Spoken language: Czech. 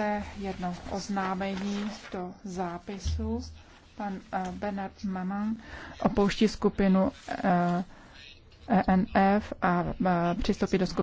Poté jedno oznámení do zápisu. Pan eh, Bernard Maman opouští skupinu ENF eh, e a eh, přistoupí do skupiny